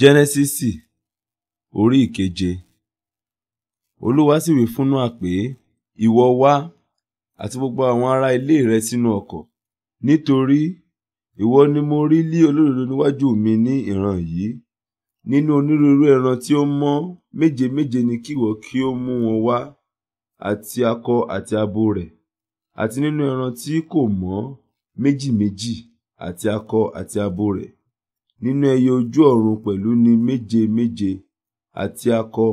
jẹ́nẹ́sísì orí ìkeje olúwa sì wí fún noa pé ìwọ wá àti gbogbo àwọn ará ilé rẹ sínú ọkọ̀ nítorí ìwọ ni mo rí lí olódodo níwájú mi ní ìran yìí nínú onírúurú ẹran tí ó mọ́ méje méje ni kíwọ kí ó mú wọn wá àti akọ àti abo rẹ̀ àti nínú ẹran tí kò mọ́ méjì méjì àti akọ àti abo rẹ̀ nínú ẹyẹ ojú ọ̀run pẹ̀lú ní méje méje àti akọ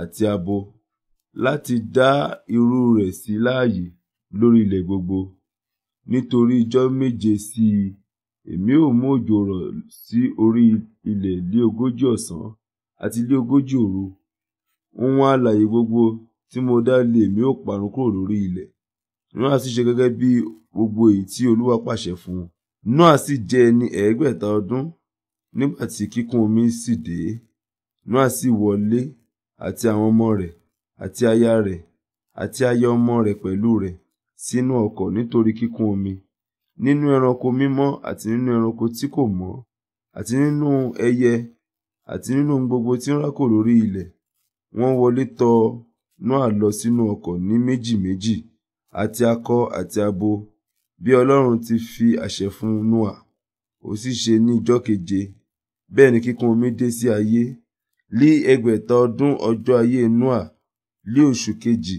àti abo láti dá irú rẹ̀ sí láàyè lórí ilẹ̀ gbogbo nítorí ijọ́ méje sí i èmi ó mú òjò rọ̀ sí orí ilẹ̀ lé ogójì ọ̀sán àti lé ogójì òru ohun alààyè gbogbo tí mo dá lé èmi ó parun kúrò lórí ilẹ̀ Nóà sì ṣe bí gbogbo èyí tí Olúwa pàṣẹ fún un Nóà sì jẹ́ ẹni ẹ̀ẹ́gbẹ̀ta ọdún nígbà tí kíkún omi sì dé noah sì wọlé àti àwọn ọmọ rẹ̀ àti aya rẹ̀ àti aya ọmọ rẹ̀ pẹ̀lú rẹ̀ sínú ọkọ̀ nítorí kíkún omi nínú ẹranko mímọ́ àti nínú ẹranko tí kò mọ́ àti nínú ẹyẹ àti nínú ohun gbogbo tí ń rákò lórí ilẹ̀ wọ́n wọlé tọ̀ noah lọ sínú ọkọ̀ ní méjì méjì àti akọ àti abo bí ọlọ́run ti fi àṣẹ fún noah ó sì ṣe ní ijọ́ keje bẹ́ẹ̀ ni kíkún omi dé sí ayé lé ẹgbẹ̀ta ọdún ọjọ́ ayé noah lé oṣù kejì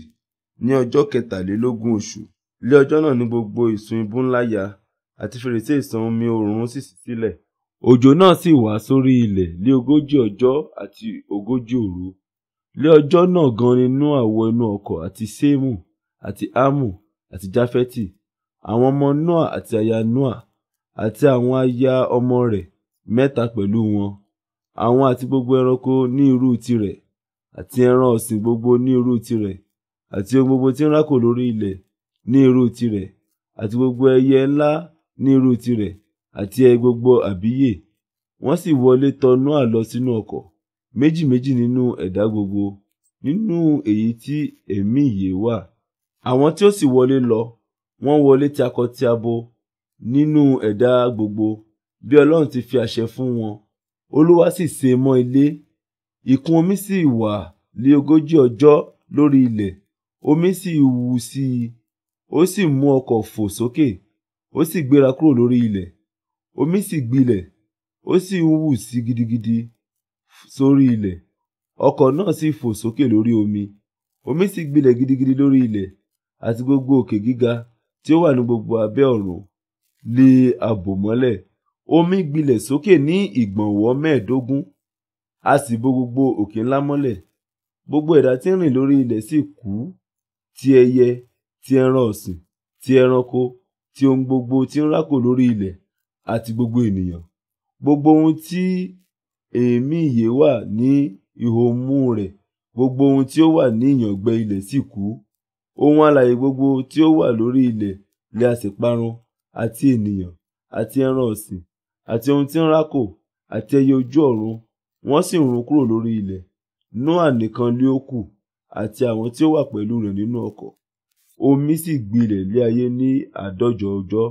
ní ọjọ́ kẹtàlélógún oṣù lé ọjọ́ náà ní gbogbo ìsun ibú ńlá ya àti fèrèsé ìsàn omi oòrùn sì ṣí sílẹ̀ òjò náà sì wá sórí ilẹ̀ lé ogójì ọjọ́ àti ogójì òru lé ọjọ́ náà gan ni noah wọ inú ọkọ̀ àti sémù àti ámù àti jáfẹ́tì àwọn ọmọ noah àti aya noah àti àwọn aya ọmọ rẹ̀ mẹ́ta pẹ̀lú wọn àwọn àti gbogbo ẹranko ní irú tirẹ̀ àti ẹran ọ̀sìn gbogbo ní irú tirẹ̀ àti ohun gbogbo tí ń rákò lórí ilẹ̀ ní irú tirẹ̀ àti gbogbo ẹyẹ ńlá ní irú tirẹ̀ àti ẹyẹ gbogbo àbíyè wọ́n sì wọlé tọ Nóà lọ sínú ọkọ̀ méjì méjì nínú ẹ̀dá gbogbo nínú èyí tí ẹ̀mí ìyè wà àwọn tí ó sì wọlé lọ wọ́n wọlé ti akọ ti abo nínú ẹ̀dá gbogbo bí ọlọ́run ti fi àṣẹ fún wọn olúwa sì sé mọ́ ilé ìkún omi sì wà lé ogójì ọjọ́ lórí ilẹ̀ omi sì wú sí i ó sì mú ọkọ̀ fò sókè ó sì gbéra kúrò lórí ilẹ̀ omi sì gbilẹ̀ ó sì ń wù sí gidigidi sórí ilẹ̀ ọkọ̀ náà sì fò sókè lórí omi omi sì gbilẹ̀ gidigidi lórí ilẹ̀ àti gbogbo òkè gíga tí ó wà ní gbogbo abẹ́ ọ̀run lé abò mọ́lẹ̀ omi gbilẹ̀ sókè ní ìgbọ̀nwọ́ mẹ́ẹ̀ẹ́dógún a sì bo gbogbo òkè ńlá mọ́lẹ̀ gbogbo ẹ̀dá tí ń rìn lórí ilẹ̀ sì kú ti ẹyẹ ti ẹran ọ̀sìn ti ẹranko ti ohun gbogbo tí ń rákò lórí ilẹ̀ àti gbogbo ènìyàn gbogbo ohun tí èémí ìyè wà ní ihò imú rẹ̀ gbogbo ohun tí ó wà ní ìyàngbẹ ilẹ̀ sì kú ohun alààyè gbogbo tí ó wà lórí ilẹ̀ lè a sì parun àti ènìyàn àti ẹran ọ̀sìn àti ohun tí ń rákò àti ẹyẹ ojú ọ̀run wọ́n sì run kúrò lórí ilẹ̀ noa nìkan lé ó kù àti àwọn tí ó wà pẹ̀lú rẹ̀ nínú ọkọ̀ omi sì gbilẹ̀ lé ayé ní àádọ́jọ ọjọ́